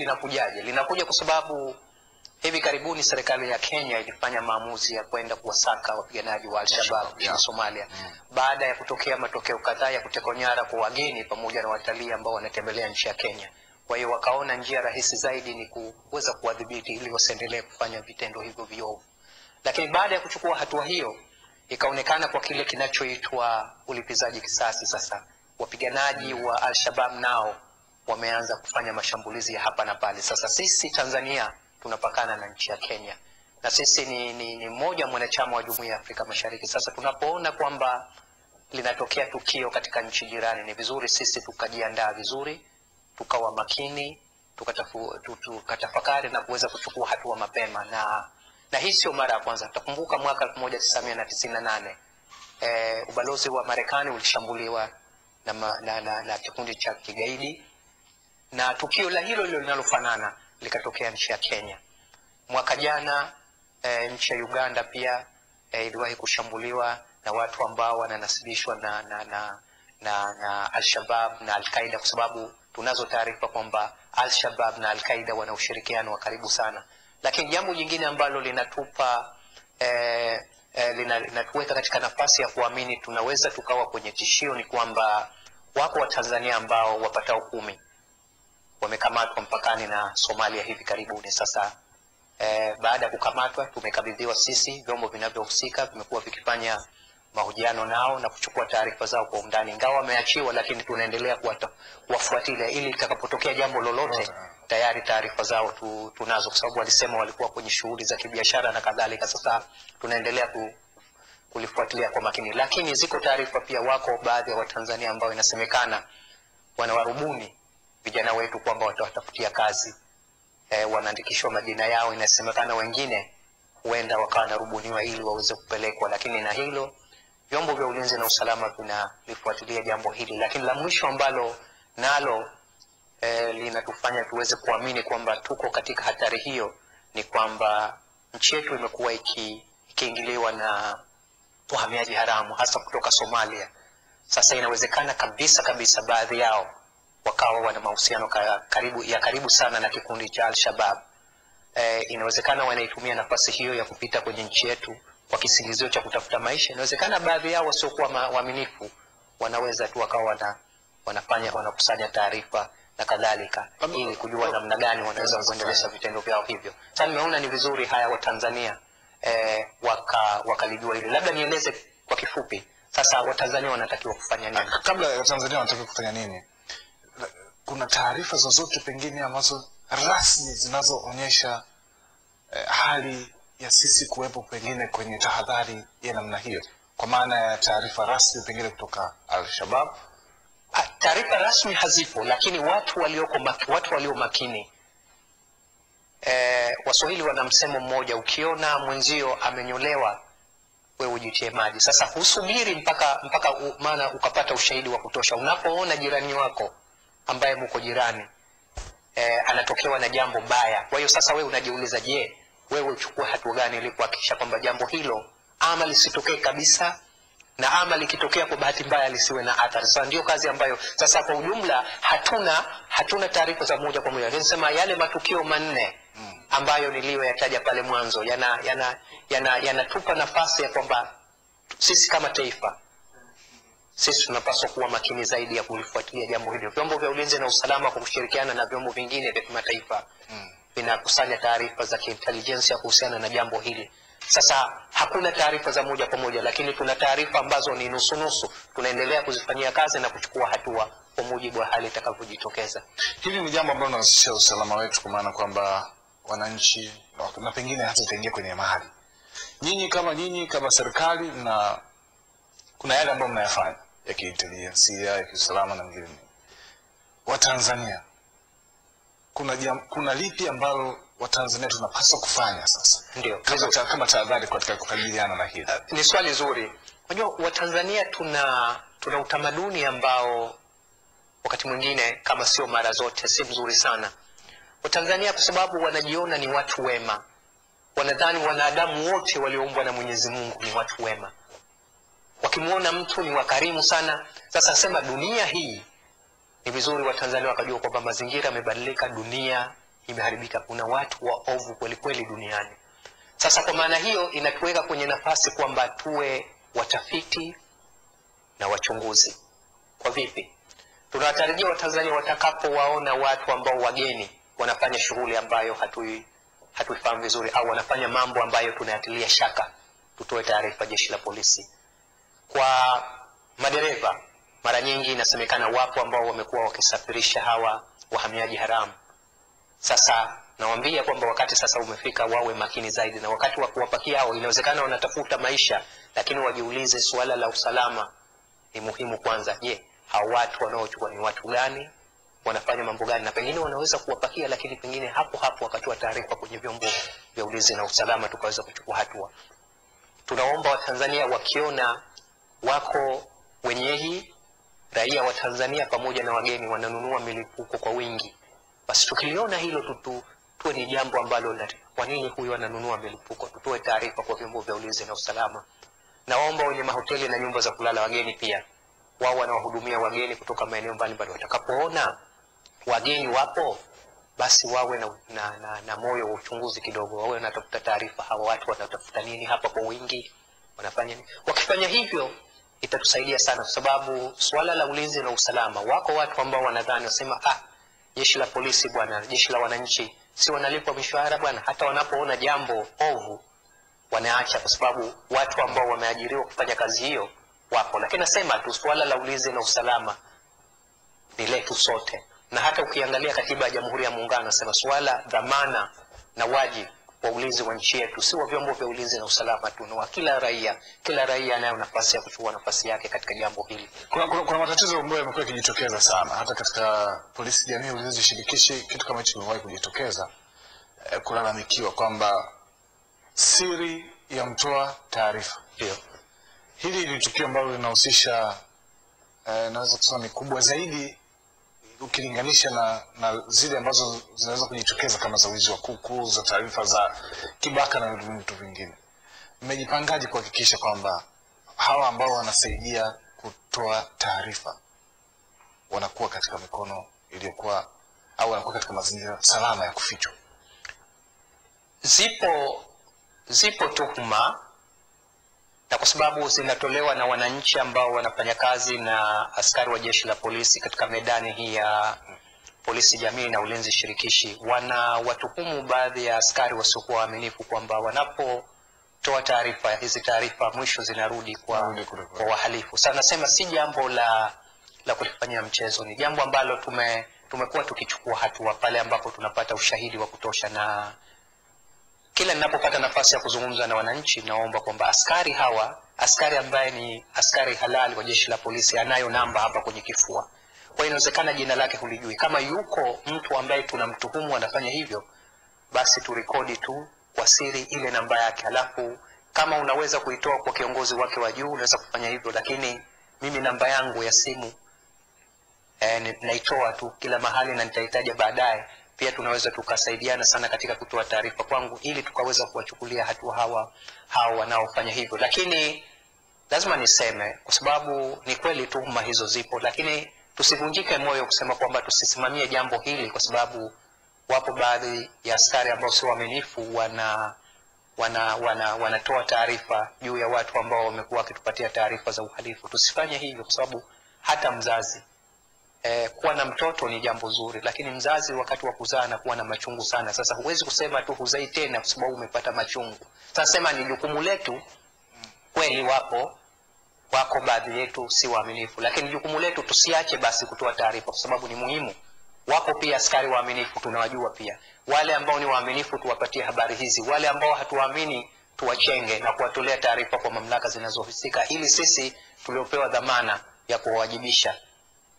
linakujaje? Linakuja kwa sababu hivi karibuni serikali ya Kenya ilifanya maamuzi ya kwenda kuwasaka wapiganaji wa Al-Shabaab nchini yeah. Somalia mm. baada ya kutokea matokeo kadhaa ya kuteka nyara kwa wageni pamoja na watalii ambao wanatembelea nchi ya Kenya. Kwa hiyo wakaona njia rahisi zaidi ni kuweza kuwadhibiti ili wasiendelee kufanya vitendo hivyo viovu. Lakini baada ya kuchukua hatua hiyo, ikaonekana kwa kile kinachoitwa ulipizaji kisasi. Sasa wapiganaji mm. wa Al-Shabaab nao wameanza kufanya mashambulizi ya hapa na pale. Sasa sisi Tanzania tunapakana na nchi ya Kenya na sisi ni, ni, ni mmoja mwanachama wa Jumuiya ya Afrika Mashariki. Sasa tunapoona kwamba linatokea tukio katika nchi jirani, ni vizuri sisi tukajiandaa vizuri, tukawa makini, tukatafakari na kuweza kuchukua hatua mapema, na na hii sio mara ya kwanza. Tutakumbuka mwaka 1998 eh, ubalozi wa Marekani ulishambuliwa na, na, na, na kikundi cha kigaidi na tukio la hilo hilo linalofanana likatokea nchi ya Kenya mwaka jana. E, nchi ya Uganda pia e, iliwahi kushambuliwa na watu ambao wananasibishwa na, na, na, na, na Al-Shabab na Al-Qaida kwa sababu tunazo taarifa kwamba Al-Shabab na Al-Qaida wana ushirikiano wa karibu sana. Lakini jambo jingine ambalo linatupa e, e, linatuweka katika nafasi ya kuamini tunaweza tukawa kwenye tishio ni kwamba wako Watanzania ambao wapatao kumi wamekamatwa mpakani na Somalia hivi karibuni. Sasa eh, baada ya kukamatwa, tumekabidhiwa sisi, vyombo vinavyohusika vimekuwa vikifanya mahojiano nao na kuchukua taarifa zao kwa undani. Ingawa wameachiwa, lakini tunaendelea kuwafuatilia ili itakapotokea jambo lolote tayari taarifa zao tu, tunazo kwa sababu walisema walikuwa kwenye shughuli za kibiashara na kadhalika. Sasa tunaendelea ku, kulifuatilia kwa makini, lakini ziko taarifa pia, wako baadhi ya Watanzania ambao inasemekana wanawarubuni vijana wetu kwamba watawatafutia kazi e, wanaandikishwa majina yao, inasemekana wengine huenda wakawa narubuniwa ili waweze kupelekwa, lakini na hilo vyombo vya ulinzi na usalama vinalifuatilia jambo hili. Lakini la mwisho ambalo nalo e, linatufanya tuweze kuamini kwamba tuko katika hatari hiyo ni kwamba nchi yetu imekuwa iki, ikiingiliwa na wahamiaji haramu hasa kutoka Somalia. Sasa inawezekana kabisa kabisa baadhi yao wakawa wana mahusiano ka, karibu, ya karibu sana na kikundi cha Al-Shabaab. E, inawezekana wanaitumia nafasi hiyo ya kupita kwenye nchi yetu kwa kisingizio cha kutafuta maisha. Inawezekana baadhi yao wasiokuwa waaminifu wanaweza tu wakawa wana, wanafanya wanakusanya taarifa na kadhalika ili kujua namna gani wanaweza kuendeleza vitendo vyao hivyo. Sasa nimeona ni vizuri haya wa Tanzania e, waka, wakalijua hili. Labda nieleze kwa kifupi sasa Watanzania wanatakiwa kufanya nini? Kabla Tanzania wanatakiwa kufanya nini? kuna taarifa zozote pengine ambazo rasmi zinazoonyesha eh, hali ya sisi kuwepo pengine kwenye tahadhari ya namna hiyo kwa maana ya taarifa rasmi pengine kutoka Al-Shabab? Taarifa rasmi hazipo, lakini watu walioko maki, watu walio makini eh, Waswahili wana msemo mmoja, ukiona mwenzio amenyolewa wewe ujitie maji. Sasa husubiri mpaka mpaka maana ukapata ushahidi wa kutosha. Unapoona jirani wako ambaye mko jirani e, anatokewa na jambo baya. Kwa hiyo sasa wewe unajiuliza, je, wewe uchukue hatua gani ili kuhakikisha kwamba jambo hilo ama lisitokee kabisa na ama likitokea kwa bahati mbaya lisiwe na athari. Sasa ndio kazi ambayo sasa kwa ujumla hatuna hatuna taarifa za moja kwa moja, lakini yale matukio manne ambayo niliyoyataja pale mwanzo yanatupa yana, yana, yana, yana nafasi ya kwamba sisi kama taifa sisi tunapaswa kuwa makini zaidi ya kulifuatilia jambo hilo. Vyombo vya ulinzi na usalama kwa kushirikiana na vyombo vingine vya kimataifa hmm. vinakusanya mm. taarifa za kiintelijensia kuhusiana na jambo hili. Sasa hakuna taarifa za moja kwa moja, lakini tuna taarifa ambazo ni nusunusu. Tunaendelea kuzifanyia kazi na kuchukua hatua kwa mujibu wa hali itakavyojitokeza. Hili ni jambo ambalo linahusisha usalama wetu, kwa maana kwamba wananchi na pengine hata itaingia kwenye mahali, nyinyi kama nyinyi kama serikali, na kuna yale ambayo mnayafanya ya kiintelijensia, ya kiusalama na mengine mengi. Watanzania, kuna, jam, kuna lipi ambalo Watanzania tunapaswa kufanya sasa ndio kama, ta, kama tahadhari katika kukabiliana na hili? Uh, Ni swali zuri. Unajua Watanzania tuna tuna utamaduni ambao wakati mwingine kama sio mara zote si mzuri sana. Watanzania kwa sababu wanajiona ni watu wema, wanadhani wanadamu wote walioumbwa na Mwenyezi Mungu ni watu wema wakimwona mtu ni wakarimu sana. Sasa sema dunia hii ni vizuri Watanzania wakajua kwamba mazingira yamebadilika, dunia imeharibika, kuna watu waovu kwelikweli duniani. Sasa kwa maana hiyo inatuweka kwenye nafasi kwamba tuwe watafiti na wachunguzi. Kwa vipi? Tunawatarajia Watanzania watakapowaona watu ambao wageni wanafanya shughuli ambayo hatui hatuifahamu vizuri au wanafanya mambo ambayo tunayatilia shaka, tutoe taarifa jeshi la polisi kwa madereva mara nyingi inasemekana wapo ambao wamekuwa wakisafirisha hawa wahamiaji haramu sasa nawaambia kwamba wakati sasa umefika wawe makini zaidi na wakati wa kuwapakia hao inawezekana wanatafuta maisha lakini wajiulize suala la usalama ni muhimu kwanza je hao watu wanaochukua ni watu gani wanafanya mambo gani na pengine wanaweza kuwapakia lakini pengine hapo hapo wakatoa taarifa kwenye vyombo vya ulinzi na usalama tukaweza kuchukua hatua tunaomba watanzania wakiona wako wenyeji raia wa Tanzania pamoja na wageni wananunua milipuko kwa wingi. Basi tukiliona hilo tutu, tuwe ni jambo ambalo kwa nini huyu ananunua milipuko, tutoe taarifa kwa vyombo vya ulinzi na usalama. Naomba wenye mahoteli na nyumba za kulala wageni pia wao wanawahudumia wageni kutoka maeneo mbalimbali, watakapoona wageni wapo basi wawe na, na, na, na moyo wa uchunguzi kidogo, wawe wanatafuta taarifa, hawa watu wanatafuta nini hapa kwa wingi, wanafanya nini? Wakifanya hivyo itatusaidia sana kwa sababu swala la ulinzi na usalama, wako watu ambao wanadhani wasema, ah, jeshi la polisi bwana, jeshi la wananchi si wanalipwa mishahara bwana. Hata wanapoona jambo ovu wanaacha, kwa sababu watu ambao wameajiriwa kufanya kazi hiyo wapo. Lakini nasema tu swala la ulinzi na usalama ni letu sote, na hata ukiangalia katiba ya Jamhuri ya Muungano nasema swala dhamana na wajibu wa ulinzi wa nchi yetu, si wa vyombo vya ulinzi na usalama tu, ni wa kila raia. Kila raia anayo nafasi ya kuchukua nafasi yake katika jambo hili. Kuna, kuna, kuna matatizo ambayo yamekuwa yakijitokeza sana hata katika polisi jamii, ulinzi shirikishi, kitu kama hicho kimewahi kujitokeza eh, kulalamikiwa kwamba siri ya mtoa taarifa ndio hili ni tukio ambalo linahusisha e, naweza kusema ni kubwa zaidi ukilinganisha na, na zile ambazo zinaweza kujitokeza kama za wizi wa kuku, za taarifa za kibaka na vitu vingine, mmejipangaje kuhakikisha kwamba hawa ambao wanasaidia kutoa taarifa wanakuwa katika mikono iliyokuwa au wanakuwa katika mazingira salama ya kufichwa? Zipo, zipo tuhuma na kwa sababu zinatolewa na wananchi ambao wanafanya kazi na askari wa jeshi la polisi katika medani hii ya polisi jamii na ulinzi shirikishi, wanawatuhumu baadhi ya askari wasiokuwa waaminifu kwamba wanapo toa taarifa hizi, taarifa mwisho zinarudi kwa, kwa wahalifu. Sasa nasema si jambo la la kulifanyia mchezo, ni jambo ambalo tume tumekuwa tukichukua hatua pale ambapo tunapata ushahidi wa kutosha na kila ninapopata nafasi ya kuzungumza na wananchi, naomba kwamba askari hawa, askari ambaye ni askari halali wa jeshi la polisi, anayo namba hapa kwenye kifua. Kwa inawezekana jina lake hulijui. Kama yuko mtu ambaye tunamtuhumu anafanya hivyo, basi turekodi tu kwa siri ile namba yake, halafu kama unaweza kuitoa kwa kiongozi wake wa juu unaweza kufanya hivyo, lakini mimi namba yangu ya simu eh, naitoa tu kila mahali na nitahitaja baadaye pia tunaweza tukasaidiana sana katika kutoa taarifa kwangu, ili tukaweza kuwachukulia hatua hawa hawa wanaofanya hivyo. Lakini lazima niseme, kwa sababu ni kweli tuhuma hizo zipo, lakini tusivunjike moyo kusema kwamba tusisimamie jambo hili, kwa sababu wapo baadhi ya askari ambao sio waaminifu wana wana wana wanatoa taarifa juu ya watu ambao wamekuwa wakitupatia taarifa za uhalifu. Tusifanye hivyo, kwa sababu hata mzazi eh, kuwa na mtoto ni jambo zuri, lakini mzazi wakati wa kuzaa na kuwa na machungu sana. Sasa huwezi kusema tu huzai tena kwa sababu umepata machungu. Sasa sema ni jukumu letu kweli, wapo wako baadhi yetu si waaminifu, lakini jukumu letu tusiache basi kutoa taarifa, kwa sababu ni muhimu. Wako pia askari waaminifu, tunawajua pia. Wale ambao ni waaminifu tuwapatie habari hizi, wale ambao hatuwaamini tuwachenge na kuwatolea taarifa kwa mamlaka zinazohusika, ili sisi tuliopewa dhamana ya kuwawajibisha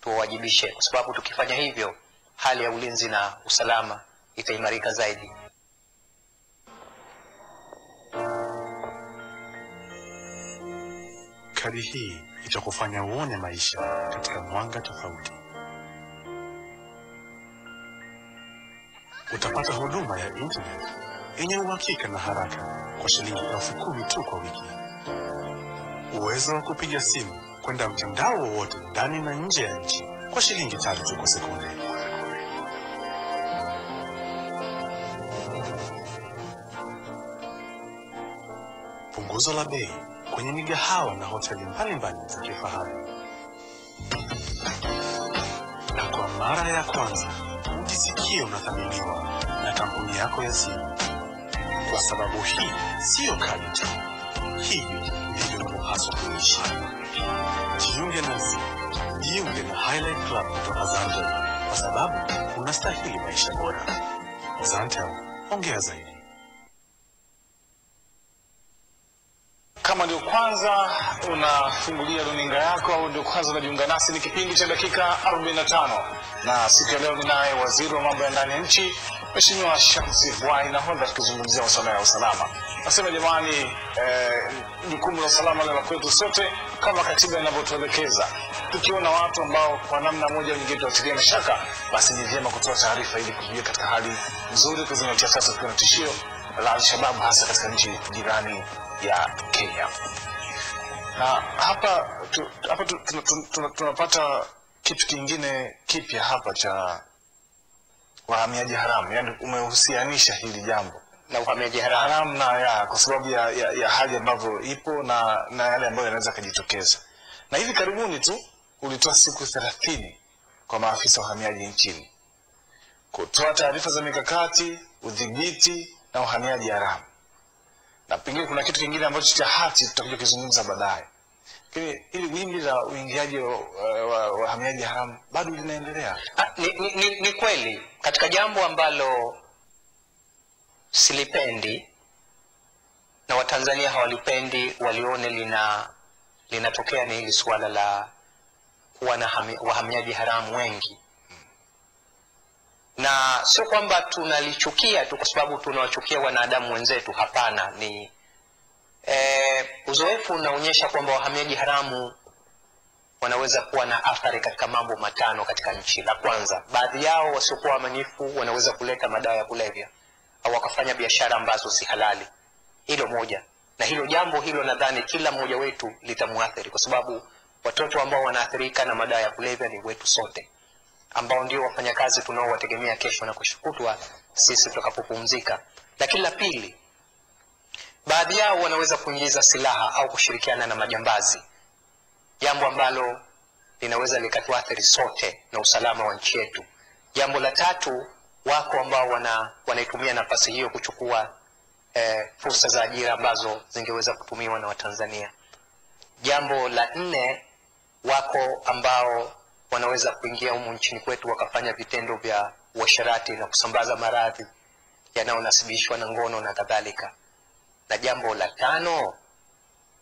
tuwawajibishe, kwa sababu tukifanya hivyo hali ya ulinzi na usalama itaimarika zaidi. Kadi hii itakufanya uone maisha katika mwanga tofauti. Utapata huduma ya internet yenye uhakika na haraka kwa shilingi elfu kumi tu kwa wiki, uwezo wa kupiga simu kwenda mtandao wowote ndani na nje ya nchi kwa shilingi tatu tu kwa sekunde. Punguzo la bei kwenye migahawa na hoteli mbalimbali za kifahari. Na kwa mara ya kwanza ujisikie unathaminiwa na kampuni yako ya simu, kwa sababu hii siyo kadi tu, hii ndivyo unavyopaswa kuishi. Jiunge jiunge na Highlight Club kutoka kwa sababu unastahili maisha bora. Zantel, ongea zaidi. Kama ndio kwanza unafungulia runinga yako au ndio kwanza unajiunga nasi, ni kipindi cha dakika 45 na siku ya leo ninaye waziri wa mambo ya ndani ya nchi mweshimiwa Shamsi Bwai Nahodha tukizungumzia masuala ya usalama. Nasema jamani, eh, jukumu eh, la usalama la kwetu sote kama katiba inavyotuelekeza. Tukiona watu ambao kwa namna moja nyingine na shaka, basi ni vyema kutoa taarifa ili kujua katika hali nzuri, kuzingatia sasa kuna tishio la Alshabab hasa katika nchi jirani ya Kenya. Na hapa tu, hapa tunapata tu, tu, tu, tu, tu, kitu kingine kipya hapa cha wahamiaji haramu, yani umehusianisha hili jambo na uhamiaji haramu na ya, kwa sababu ya, ya, ya hali ambavyo ipo na, na yale ambayo yanaweza kujitokeza. Na hivi karibuni tu ulitoa siku 30 kwa maafisa wa uhamiaji nchini kutoa taarifa za mikakati, udhibiti na uhamiaji haramu, na pengine kuna kitu kingine ambacho cha hati tutakuja kuzungumza baadaye. Lakini ili wimbi la uingiaji wa wahamiaji wa, wa haramu bado linaendelea. Ah, ni, ni, ni, ni kweli katika jambo ambalo silipendi na watanzania hawalipendi walione lina linatokea ni hili suala la kuwa na wahamiaji haramu wengi na sio kwamba tunalichukia tu kwa sababu tunawachukia wanadamu wenzetu hapana ni e, uzoefu unaonyesha kwamba wahamiaji haramu wanaweza kuwa na athari katika mambo matano katika nchi la kwanza baadhi yao wasiokuwa waaminifu wanaweza kuleta madawa ya kulevya au wakafanya biashara ambazo si halali hilo moja na hilo jambo hilo nadhani kila mmoja wetu litamwathiri kwa sababu watoto ambao wanaathirika na madawa ya kulevya ni wetu sote ambao ndio wafanyakazi tunaowategemea kesho na kushukutwa sisi tutakapopumzika lakini la pili baadhi yao wanaweza kuingiza silaha au kushirikiana na majambazi jambo ambalo linaweza likatuathiri sote na usalama wa nchi yetu jambo la tatu wako ambao wana, wanaitumia nafasi hiyo kuchukua eh, fursa za ajira ambazo zingeweza kutumiwa na Watanzania. Jambo la nne, wako ambao wanaweza kuingia humu nchini kwetu wakafanya vitendo vya uasherati na kusambaza maradhi yanayonasibishwa na ngono na kadhalika. Na jambo la tano,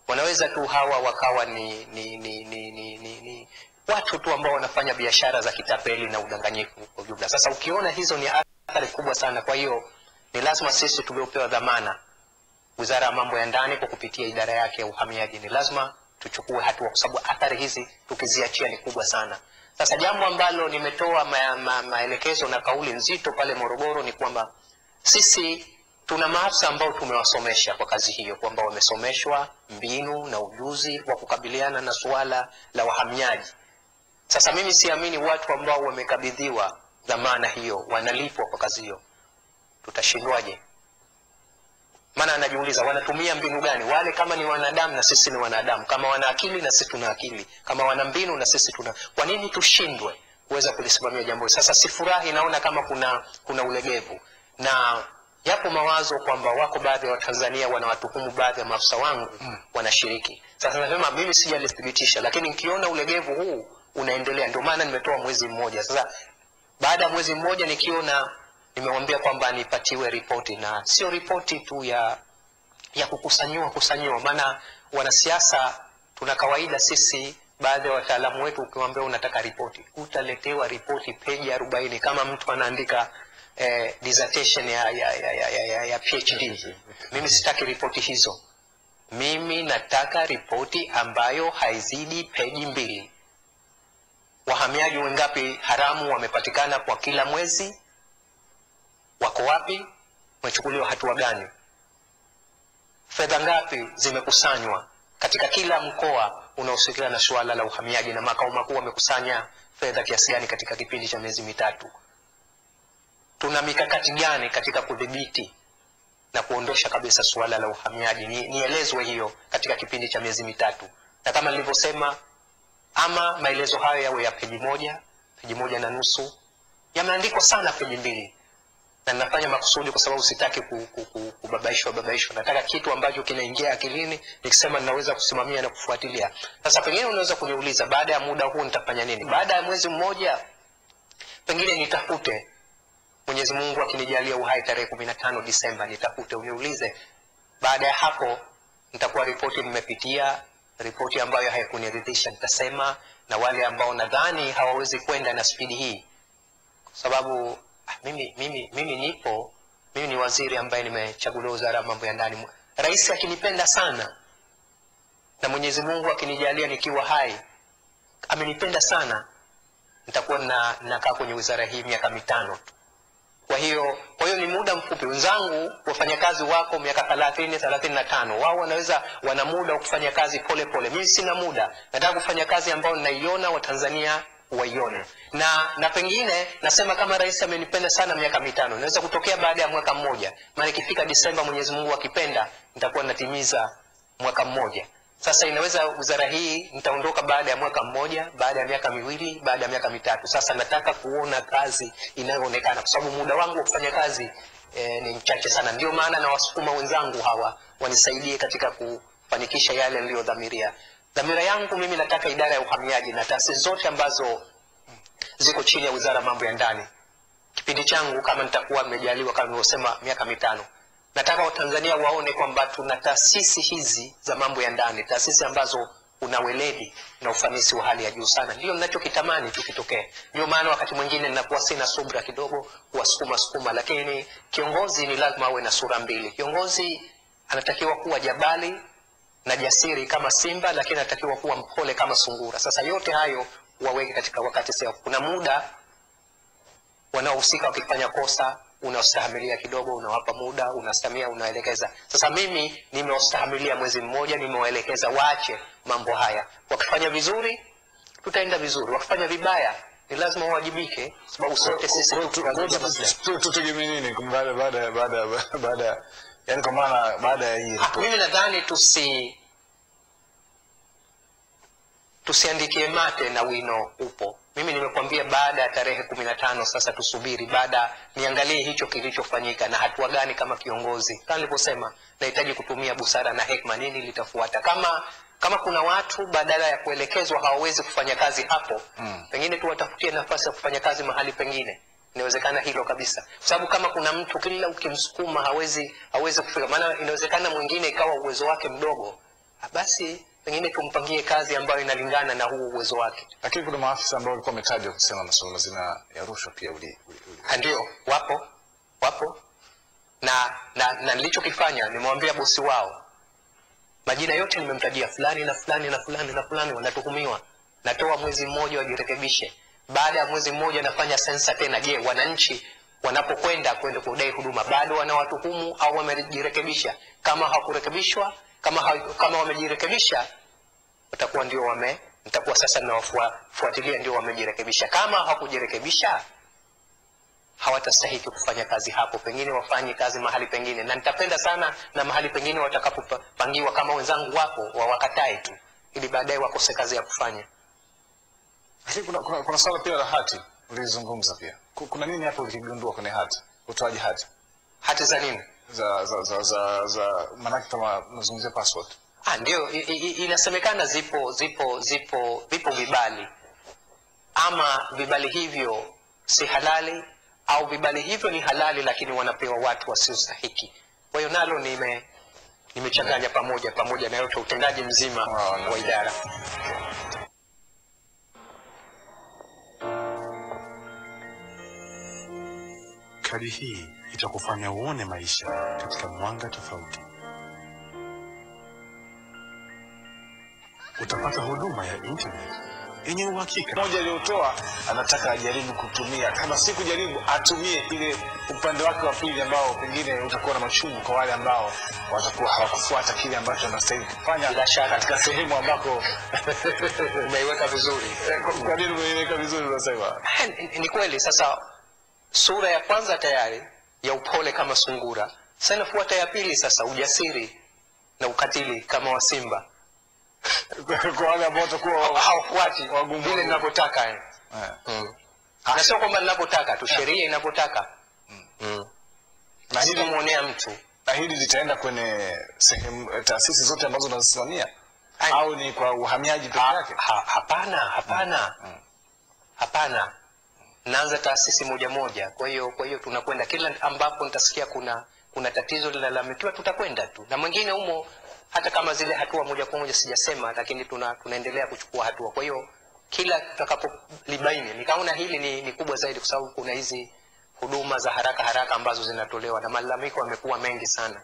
wanaweza tu hawa wakawa ni, ni, ni, ni, ni, ni, ni, watu tu ambao wanafanya biashara za kitapeli na udanganyifu kwa jumla. Sasa ukiona hizo ni athari kubwa sana, kwa hiyo ni lazima sisi tuliopewa dhamana, Wizara ya Mambo ya Ndani kwa kupitia idara yake ya uhamiaji, ni lazima tuchukue hatua, kwa sababu athari hizi tukiziachia ni kubwa sana. Sasa jambo ambalo nimetoa ma, ma, maelekezo na kauli nzito pale Morogoro ni kwamba sisi tuna maafisa ambao tumewasomesha kwa kazi hiyo, kwamba wamesomeshwa mbinu na ujuzi wa kukabiliana na suala la wahamiaji sasa mimi siamini watu ambao wamekabidhiwa dhamana hiyo wanalipwa kwa kazi hiyo, tutashindwaje? Maana anajiuliza wanatumia mbinu gani? Wale kama ni wanadamu na sisi ni wanadamu, kama wana akili na sisi tuna akili, kama wana mbinu na sisi tuna, kwa nini tushindwe kuweza kulisimamia jambo hili? Sasa sifurahi, naona kama kuna kuna ulegevu na yapo mawazo kwamba wako baadhi ya Watanzania wanawatuhumu baadhi ya maafisa wangu mm. wanashiriki. Sasa nasema mimi sijalithibitisha, lakini nikiona ulegevu huu unaendelea. Ndio maana nimetoa mwezi mmoja. Sasa baada ya mwezi mmoja nikiona nimemwambia kwamba nipatiwe ripoti, na sio ripoti tu ya ya kukusanyiwa kusanyiwa, maana wanasiasa tuna kawaida sisi baadhi ya wataalamu wetu ukiwaambia unataka ripoti utaletewa ripoti peji arobaini kama mtu anaandika eh, dissertation ya, ya, ya, ya, ya, ya, ya PhD. Mimi sitaki ripoti hizo, mimi nataka ripoti ambayo haizidi peji mbili wahamiaji wengapi haramu wamepatikana kwa kila mwezi, wako wapi, wamechukuliwa hatua gani, fedha ngapi zimekusanywa katika kila mkoa unaohusiana na suala la uhamiaji, na makao makuu wamekusanya fedha kiasi gani katika kipindi cha miezi mitatu. Tuna mikakati gani katika kudhibiti na kuondosha kabisa suala la uhamiaji? Nielezwe ni hiyo katika kipindi cha miezi mitatu, na kama nilivyosema ama maelezo hayo yawe ya peji moja peji moja na nusu yameandikwa sana peji mbili na ninafanya makusudi kwa sababu sitaki kubabaishwa babaishwa nataka kitu ambacho kinaingia akilini nikisema ninaweza kusimamia na kufuatilia sasa pengine unaweza kuniuliza baada ya muda huu nitafanya nini baada ya mwezi mmoja pengine nitafute mwenyezi mungu akinijalia uhai tarehe kumi na tano disemba nitafute uniulize baada ya hapo nitakuwa ripoti mmepitia ripoti ambayo haikuniridhisha nitasema, na wale ambao nadhani hawawezi kwenda na spidi hii, kwa sababu ah, mimi, mimi, mimi nipo mimi ni waziri ambaye nimechaguliwa wizara ya mambo ya ndani, rais akinipenda sana na Mwenyezi Mungu akinijalia nikiwa hai, amenipenda sana, nitakuwa nakaa na kwenye wizara hii miaka mitano tu. Kwa hiyo kwa hiyo ni muda mfupi. Wenzangu wafanyakazi wako miaka 30, 35, wao wanaweza wana muda wa kufanya kazi pole pole. Mimi sina muda, nataka kufanya kazi ambayo ninaiona Watanzania waione na na pengine nasema kama rais amenipenda sana miaka mitano, naweza kutokea baada ya mwaka mmoja, maana ikifika Disemba, Mwenyezi Mungu akipenda, nitakuwa natimiza mwaka mmoja. Sasa inaweza wizara hii nitaondoka baada ya mwaka mmoja, baada ya miaka miwili, baada ya miaka mitatu. Sasa nataka kuona kazi inayoonekana, kwa sababu muda wangu wa kufanya kazi e, ni mchache sana. Ndio maana nawasukuma wenzangu hawa wanisaidie katika kufanikisha yale niliyodhamiria. Dhamira yangu mimi, nataka idara ya uhamiaji na taasisi zote ambazo ziko chini ya wizara ya mambo ya ndani, kipindi changu kama nitakuwa nimejaliwa, kama nilivyosema, miaka mitano nataka watanzania waone kwamba tuna taasisi hizi za mambo ya ndani taasisi ambazo una weledi na ufanisi wa hali ya juu sana. Ndio ninachokitamani tu kitokee. Ndio maana wakati mwingine ninakuwa sina subra kidogo kuwasukuma sukuma, lakini kiongozi ni lazima awe na sura mbili. Kiongozi anatakiwa kuwa jabali na jasiri kama simba, lakini anatakiwa kuwa mpole kama sungura. Sasa yote hayo waweke katika wakati sawa. Kuna muda wanaohusika wakifanya kosa unastahamilia kidogo, unawapa muda, unasamia, unaelekeza. Sasa mimi nimewastahamilia mwezi mmoja, nimewaelekeza waache mambo haya. Wakifanya vizuri, tutaenda vizuri. Wakifanya vibaya, ni lazima wawajibike, sababu sote sisi tutegemee nini baada baada baada baada yani, kwa maana baada ya hii, mimi nadhani tusi tusiandikie mate na wino upo mimi nimekwambia baada ya tarehe kumi na tano sasa tusubiri baada niangalie hicho kilichofanyika na hatua gani kama kiongozi kama nilivyosema nahitaji kutumia busara na hekma nini litafuata kama kama kuna watu badala ya kuelekezwa hawawezi kufanya kazi hapo mm. pengine tuwatafutie nafasi ya kufanya kazi mahali pengine inawezekana hilo kabisa kwa sababu kama kuna mtu kila ukimsukuma hawezi hawezi kufika maana inawezekana mwingine ikawa uwezo wake mdogo basi pengine tumpangie kazi ambayo inalingana na huu uwezo wake. Lakini kuna maafisa ambao walikuwa wametajwa kusema masuala mazima ya rushwa pia uli, uli, uli. Ndio, wapo wapo na na, na nilichokifanya nimemwambia bosi wao majina yote nimemtajia fulani na fulani na fulani na fulani wanatuhumiwa, natoa mwezi mmoja wajirekebishe. Baada ya mwezi mmoja nafanya sensa tena. Je, wananchi wanapokwenda kwenda kudai huduma bado wanawatuhumu au wamejirekebisha? Kama hakurekebishwa kama, kama wamejirekebisha mtakuwa ndio wame mtakuwa sasa mnawafuatilia ndio wamejirekebisha. Kama hawakujirekebisha hawatastahiki kufanya kazi hapo, pengine wafanye kazi mahali pengine, na nitapenda sana na mahali pengine watakapopangiwa, kama wenzangu wako wawakatae tu, ili baadaye wakose kazi ya kufanya. Lakini kuna, kuna, kuna swala pia la hati ulizungumza pia, kuna nini hapo ulikigundua kwenye hati, utoaji hati, hati za nini? za za za, za, za maanake kama password ah, ndio inasemekana zipo zipo zipo vipo vibali ama vibali hivyo si halali au vibali hivyo ni halali lakini wanapewa watu wasiostahiki kwa hiyo nalo nime nimechanganya mm. pamoja pamoja na yote utendaji mzima oh, ah, no. wa idara Tafakari hii itakufanya uone maisha katika mwanga tofauti. Utapata huduma ya internet yenye uhakika. Mmoja aliyotoa anataka ajaribu kutumia, kama si kujaribu atumie ile upande wake wa pili, ambao pengine utakuwa na machungu kwa wale ambao watakuwa hawakufuata kile ambacho anastahili kufanya, bila shaka katika sehemu ambako umeiweka vizuri. Eh, kwa nini umeiweka vizuri? Unasema eh, ni kweli. Sasa sura ya kwanza tayari ya upole kama sungura, sasa inafuata ya pili sasa ujasiri na ukatili kama wa simba kwa wale ambao watakuwa hawafuati vile ninavyotaka yani. Yeah. Eh. Mm. Na sio kwamba ninavyotaka tu, eh. sheria yeah. inavyotaka. Mm. Mm. Na hili muonea mtu. Na hili litaenda kwenye sehemu eh, taasisi zote ambazo unazisimamia au ni kwa uhamiaji peke yake? Ha, hapana, hapana. Mm. mm. Hapana naanza taasisi moja moja. Kwa hiyo kwa hiyo tunakwenda kila ambapo nitasikia kuna kuna tatizo linalalamikiwa, tutakwenda tu na mwingine humo, hata kama zile hatua moja kwa moja sijasema, lakini tuna, tunaendelea kuchukua hatua. Kwa hiyo kila tutakapolibaini, nikaona hili ni, ni kubwa zaidi, kwa sababu kuna hizi huduma za haraka haraka ambazo zinatolewa na malalamiko yamekuwa mengi sana.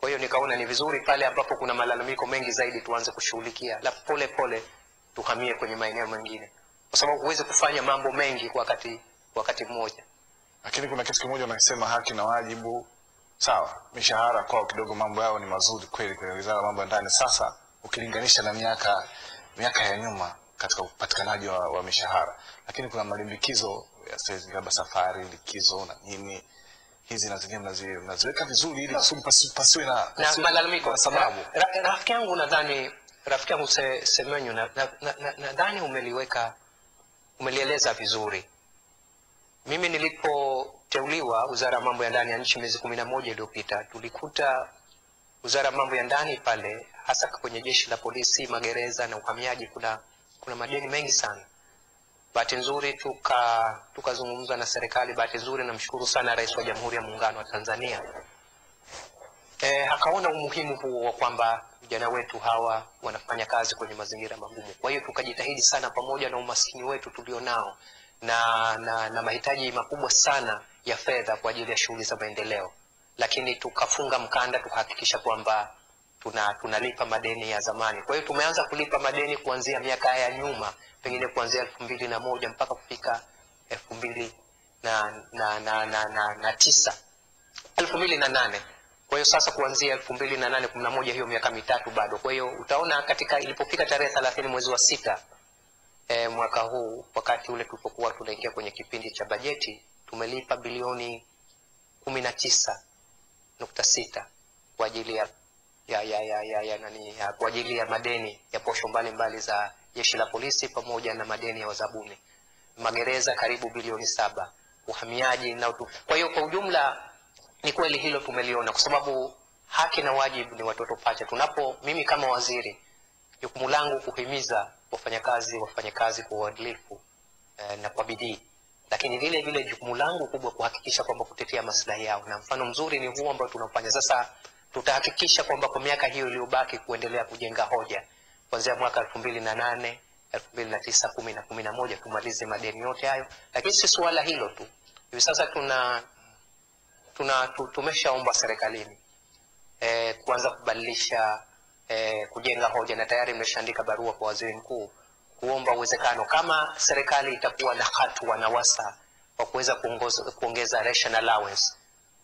Kwa hiyo nikaona ni vizuri pale ambapo kuna malalamiko mengi zaidi tuanze kushughulikia, alafu pole pole tuhamie kwenye maeneo mengine kwa sababu huwezi kufanya mambo mengi kwa wakati wakati mmoja. Lakini kuna kitu kimoja unasema haki na wajibu. Sawa, mishahara kwao kidogo, mambo yao ni mazuri kweli kwenye wizara mambo ya ndani. Sasa ukilinganisha na miaka miaka ya nyuma katika upatikanaji wa, wa mishahara, lakini kuna malimbikizo ya labda safari, likizo na nini hizi na zingine mnaziweka vizuri ili kusudi pasiwe na, na malalamiko. Sababu rafiki yangu nadhani rafiki yangu Semenyo nadhani na, na, na, umeliweka umelieleza vizuri. Mimi nilipoteuliwa wizara ya mambo ya ndani ya nchi miezi kumi na moja iliyopita, tulikuta wizara ya mambo ya ndani pale, hasa kwenye jeshi la polisi, magereza na uhamiaji, kuna kuna madeni mengi sana. Bahati nzuri tuka tukazungumza na serikali. Bahati nzuri namshukuru sana Rais wa Jamhuri ya Muungano wa Tanzania. E, akaona umuhimu huo wa kwamba vijana wetu hawa wanafanya kazi kwenye mazingira magumu. Kwa hiyo tukajitahidi sana, pamoja na umaskini wetu tulionao na, na, na mahitaji makubwa sana ya fedha kwa ajili ya shughuli za maendeleo, lakini tukafunga mkanda, tukahakikisha kwamba tuna tunalipa madeni ya zamani. Kwa hiyo tumeanza kulipa madeni kuanzia miaka ya nyuma, pengine kuanzia elfu mbili na moja mpaka kufika elfu mbili na, na, na, na, na, na tisa elfu mbili na nane kwa hiyo sasa kuanzia 2008 11 hiyo miaka mitatu bado. Kwa hiyo utaona katika ilipofika tarehe 30 mwezi wa sita e, mwaka huu wakati ule tulipokuwa tunaingia kwenye kipindi cha bajeti tumelipa bilioni 19.6 kwa ajili ya ya ya ya ya, ya, nani, ya kwa ajili ya madeni ya posho mbalimbali za jeshi la polisi pamoja na madeni ya wazabuni, magereza karibu bilioni saba, uhamiaji na utu. Kwa hiyo kwa ujumla ni kweli hilo tumeliona, kwa sababu haki na wajibu ni watoto pacha. Tunapo mimi kama waziri, jukumu langu kuhimiza wafanyakazi wafanye kazi kwa uadilifu eh, na kwa bidii, lakini vile vile jukumu langu kubwa kuhakikisha kwamba kutetea maslahi yao, na mfano mzuri ni huu ambao tunafanya sasa. Tutahakikisha kwamba kwa miaka hiyo iliyobaki kuendelea kujenga hoja kuanzia mwaka elfu mbili na nane elfu mbili na tisa kumi na kumi na moja tumalize madeni yote hayo, lakini si suala hilo tu. Hivi sasa tuna tuna tumeshaomba serikalini e, kuanza kubadilisha e, kujenga hoja na tayari mmeshaandika barua kwa waziri mkuu kuomba uwezekano kama serikali itakuwa na hatua na wasa wa kuweza kuongeza ration allowance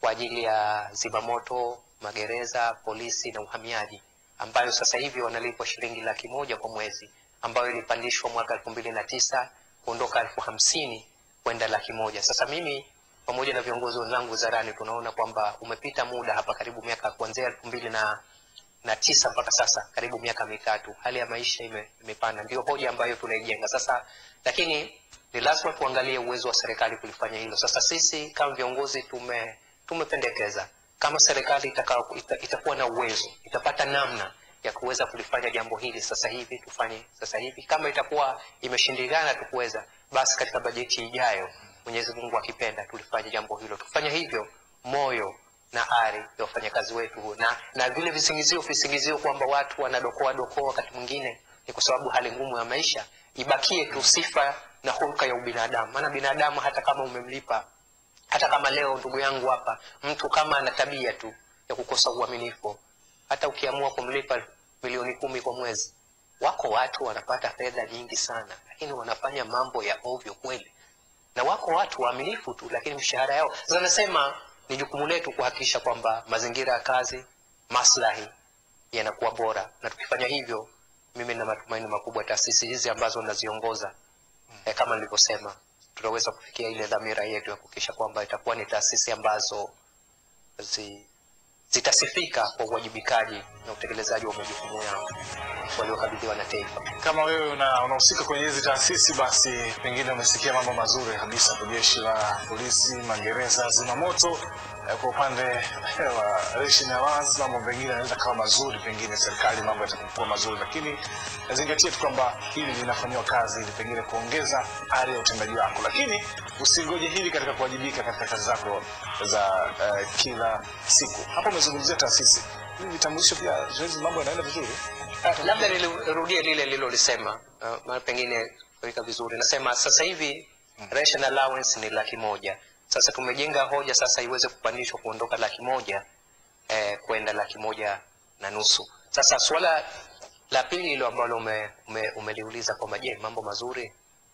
kwa ajili ya zimamoto, magereza, polisi na uhamiaji ambayo sasa hivi wanalipwa shilingi laki moja kwa mwezi ambayo ilipandishwa mwaka elfu mbili na tisa kuondoka elfu hamsini kwenda laki moja. Sasa mimi pamoja na viongozi wenzangu wizarani tunaona kwamba umepita muda hapa, karibu miaka kuanzia elfu mbili na na tisa mpaka sasa, karibu miaka mitatu, hali ya maisha imepanda. Ndio hoja ambayo tunaijenga sasa, lakini ni lazima tuangalie uwezo wa serikali kulifanya hilo. Sasa sisi kama viongozi tume tumependekeza kama serikali itaka, ita, itakuwa na uwezo itapata namna ya kuweza kulifanya jambo hili sasa hivi, tufanye sasa hivi. Kama itakuwa imeshindikana tukuweza, basi katika bajeti ijayo Mwenyezi Mungu akipenda tulifanya jambo hilo, tufanya hivyo moyo na ari ya wafanyakazi wetu na, na vile visingizio visingizio kwamba watu wanadokoa dokoa wakati mwingine ni kwa sababu hali ngumu ya maisha, ibakie tu sifa na hulka ya ubinadamu. Maana binadamu hata kama umemlipa, hata kama leo ndugu yangu hapa, mtu kama ana tabia tu ya kukosa uaminifu, hata ukiamua kumlipa milioni kumi kwa mwezi, wako watu wanapata fedha nyingi sana, lakini wanafanya mambo ya ovyo kweli na wako watu waaminifu tu, lakini mshahara yao sasa. Nasema ni jukumu letu kuhakikisha kwamba mazingira ya kazi, maslahi yanakuwa bora, na tukifanya hivyo, mimi na matumaini makubwa taasisi hizi ambazo naziongoza eh, kama nilivyosema, tutaweza kufikia ile dhamira yetu ya kuhakikisha kwamba itakuwa ni taasisi ambazo zi zitasifika kwa uwajibikaji na utekelezaji wa majukumu yao waliokabidhiwa na taifa. Kama wewe unahusika una kwenye hizi taasisi, basi pengine umesikia mambo mazuri kabisa kwa jeshi la polisi, magereza, zimamoto Eh, kwa upande wa Rishi Nawaz mambo pengine yanaweza kawa mazuri, pengine serikali mambo yatakuwa mazuri, lakini zingatie tu kwamba hili linafanywa kazi ili pengine kuongeza ari ya utendaji wako, lakini usingoje hili katika kuwajibika katika kazi zako za uh, kila siku. hapo umezungumzia taasisi hivi vitambulisho, pia zoezi mambo yanaenda vizuri. labda nilirudia lile lilolisema uh, eh, pengine kuweka vizuri, nasema sasa hivi hmm. ration allowance ni laki moja sasa tumejenga hoja sasa iweze kupandishwa kuondoka laki moja e, kwenda laki moja na nusu. Sasa swala la pili hilo ambalo ume, ume, umeliuliza kwamba je, mambo mazuri,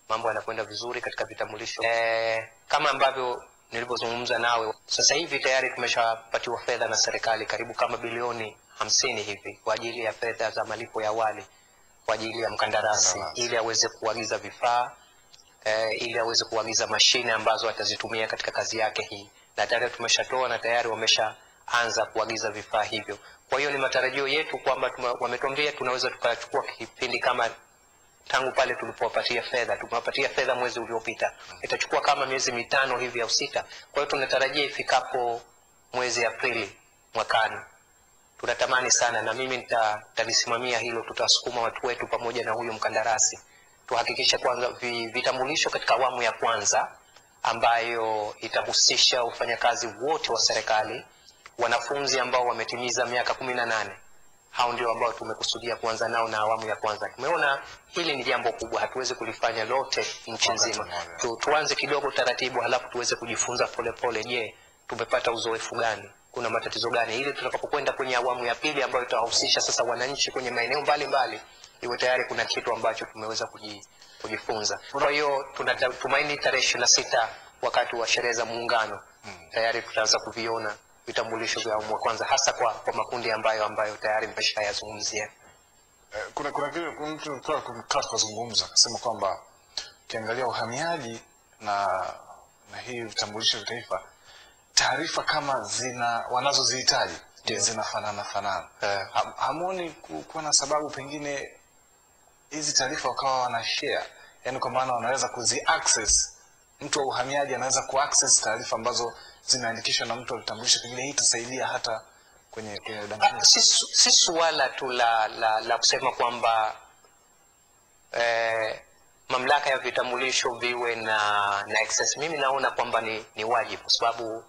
mambo yanakwenda vizuri katika vitambulisho e, kama ambavyo nilivyozungumza nawe, sasa hivi tayari tumeshapatiwa fedha na serikali karibu kama bilioni hamsini hivi kwa ajili ya fedha za malipo ya awali kwa ajili ya mkandarasi ili aweze kuagiza vifaa eh, ili aweze kuamiza mashine ambazo atazitumia katika kazi yake hii, na tayari tumeshatoa na tayari wameshaanza kuagiza vifaa hivyo. Kwa hiyo ni matarajio yetu kwamba wametuambia tunaweza tukachukua kipindi kama tangu pale tulipowapatia fedha, tumewapatia fedha mwezi uliopita, itachukua kama miezi mitano hivi au sita. Kwa hiyo tunatarajia ifikapo mwezi Aprili mwakani tunatamani sana, na mimi nitalisimamia hilo, tutasukuma watu wetu pamoja na huyo mkandarasi tuhakikishe kwanza vitambulisho katika awamu ya kwanza ambayo itahusisha wafanyakazi wote wa serikali, wanafunzi ambao wametimiza miaka kumi na nane hao ndio ambao tumekusudia kuanza nao na awamu ya kwanza. Tumeona hili ni jambo kubwa, hatuwezi kulifanya lote nchi nzima. Tu, tuanze kidogo taratibu, halafu tuweze kujifunza polepole. Je, tumepata uzoefu gani? Kuna matatizo gani? Ili tutakapokwenda kwenye awamu ya pili ambayo itawahusisha sasa wananchi kwenye maeneo mbalimbali mbali iwe tayari kuna kitu ambacho tumeweza kujifunza. Kwa hiyo tunatumaini tarehe ishirini na sita wakati wa sherehe za muungano hmm. tayari tutaanza kuviona vitambulisho vya awamu wa kwanza hasa kwa, kwa makundi ambayo ambayo tayari mmeshayazungumzia. Eh, kuna kuna mtu kumtaka kuzungumza akasema kwamba ukiangalia uhamiaji na na hii vitambulisho vya taifa taarifa kama zina wanazozihitaji zinafanana fanana, fanana. Eh. Yeah. Hamwoni kuwa na sababu pengine hizi taarifa wakawa wana share, yani kwa maana wanaweza kuzi access. Mtu wa uhamiaji anaweza ku access taarifa ambazo zimeandikishwa na mtu alitambulisha, pengine hii itasaidia hata kwenye kwenye udanganyifu. Ah, si, si suala tu la, la, la kusema kwamba eh, mamlaka ya vitambulisho viwe na, na access. Mimi naona kwamba ni, ni wajibu kwa sababu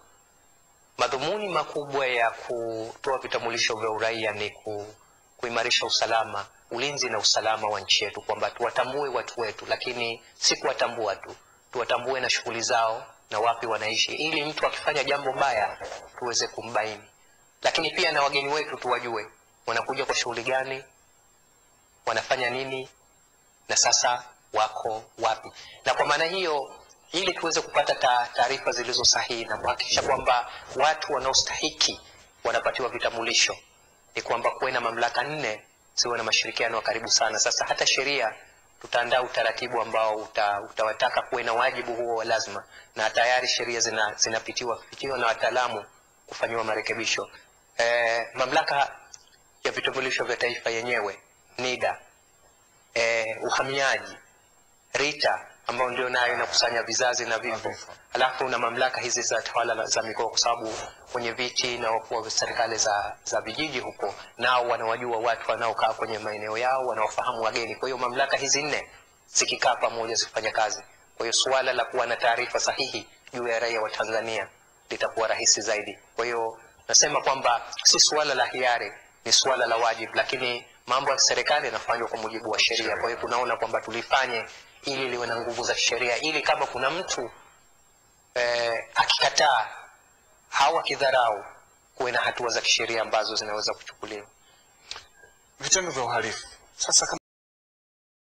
madhumuni makubwa ya kutoa vitambulisho vya uraia ni ku, kuimarisha usalama ulinzi na usalama wa nchi yetu, kwamba tuwatambue watu wetu, lakini si kuwatambua tu, tuwatambue na shughuli zao na wapi wanaishi, ili mtu akifanya jambo baya tuweze kumbaini. Lakini pia na wageni wetu tuwajue, wanakuja kwa shughuli gani, wanafanya nini, na sasa wako wapi. Na kwa maana hiyo, ili tuweze kupata taarifa zilizo sahihi na kuhakikisha kwamba watu wanaostahiki wanapatiwa vitambulisho, ni kwamba kuwe na mamlaka nne ziwe na mashirikiano karibu sana. Sasa hata sheria tutaandaa utaratibu ambao uta, utawataka kuwe na wajibu huo wa lazima, na tayari sheria zina, zinapitiwa pitiwa na wataalamu kufanyiwa marekebisho. E, mamlaka ya vitambulisho vya taifa yenyewe NIDA, e, uhamiaji, RITA ambayo ndio nayo inakusanya vizazi na vifo, alafu na mamlaka hizi za tawala za mikoa, kwa sababu kwenye viti na wakuu wa serikali za, za vijiji huko nao wanawajua watu wanaokaa kwenye maeneo yao, wanaofahamu wageni. Kwa hiyo mamlaka hizi nne zikikaa pamoja, zikifanya kazi, kwa hiyo suala la kuwa na taarifa sahihi juu ya raia wa Tanzania litakuwa rahisi zaidi. Kwa hiyo nasema kwamba si suala la hiari, ni suala la wajibu, lakini mambo ya serikali yanafanywa kwa mujibu wa sheria. Kwa hiyo tunaona kwamba tulifanye ili liwe na nguvu za sheria, ili kama kuna mtu eh, akikataa au akidharau, kuwe na hatua za kisheria ambazo zinaweza kuchukuliwa. Vitendo vya uhalifu sasa